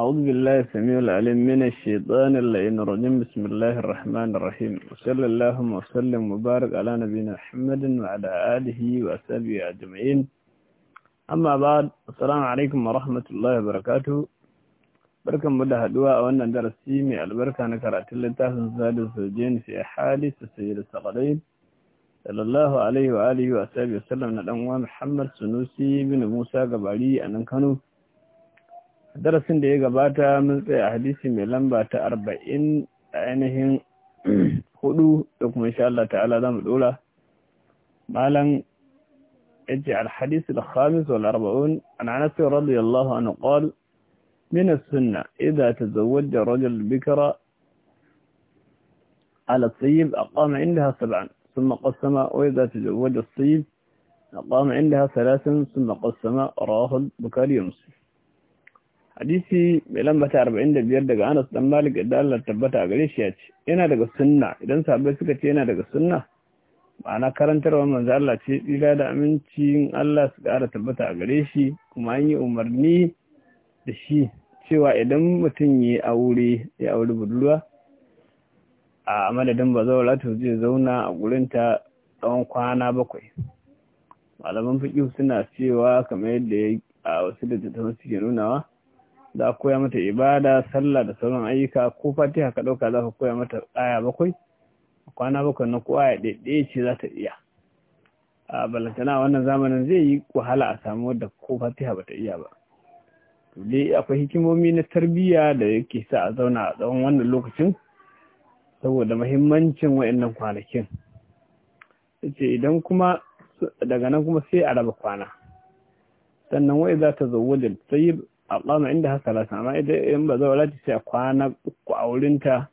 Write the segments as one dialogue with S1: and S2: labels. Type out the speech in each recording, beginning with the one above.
S1: أعوذ بالله السميع العليم من الشيطان اللعين الرجيم بسم الله الرحمن الرحيم وصلى اللهم وسلم وبارك على نبينا محمد وعلى آله وأصحابه أجمعين أما بعد السلام عليكم ورحمة الله وبركاته بركة مدة دواء وأن درسي من البركة نكرات اللتاه زاد زوجين في أحاديث سيد الثقلين صلى الله عليه وآله وأصحابه وسلم الأموال محمد سنوسي بن موسى قبالي أن كانوا darasin da ya gabata mun tsaya a hadisi mai lamba ta 40 ainihin hudu da kuma insha Allah ta'ala zamu dora malam اجي على الحديث الخامس والأربعون عن عنسي رضي الله عنه قال من السنة إذا تزوج رجل بكرة على الصيب أقام عندها سبعا ثم قسم وإذا تزوج الصيب أقام عندها ثلاثا ثم قسم راهل بكالي ومسيح hadisi mai lambata biyar daga Anas dan Malik da Allah tabbata a gare shi ya ce yana daga sunna idan sabai suka ce yana daga sunna ma'ana karantarwa manzo Allah ce tsira da amincin Allah su kara tabbata a gare shi kuma an yi umarni da shi cewa idan mutum ya aure ya aure budurwa a madadin zaura to zai zauna a gurinta tsawon kwana bakwai malaman fiƙi suna cewa kamar yadda a wasu da suke nunawa za aka koya mata ibada sallah da sauran ayyuka ko fatiha ka ɗauka za ka koya mata aya bakwai kwana bakwai na kowa ya ɗaiɗaya ce za ta iya a balantana wannan zamanin zai yi wahala a samu da ko fatiha ba ta iya ba dai akwai hikimomi na tarbiyya da yake sa a zauna a tsawon wannan lokacin saboda mahimmancin wa'annan kwanakin ce idan kuma daga nan kuma sai a raba kwana sannan wai za ta zo wajen tsayib a inda haka rasa amma idan ba zaura ta sai a kwana uku a wurinta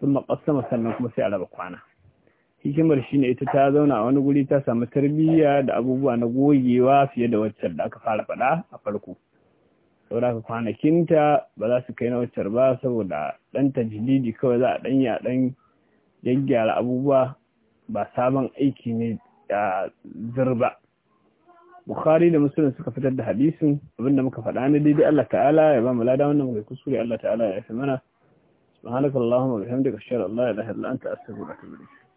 S1: sun maƙasama sannan kuma sai a raba kwana hikimar shine ita ta zauna a wani guri ta samu tarbiyya da abubuwa na gogewa fiye da waccan da aka fara faɗa a farko saboda ka kwanakinta ba za su kai na waccan ba saboda ɗan jididi kawai za a ɗan ya ɗan yaggyara abubuwa ba sabon aiki ne a zirba bukhari da muslim suka fitar da hadisin abinda muka faɗa ne daidai Allah ta'ala ya ba mu lada wannan muka kuskure Allah ta'ala ya fi mana subhanakallahumma wa bihamdika ashhadu an la ilaha illa anta astaghfiruka wa atubu ilayk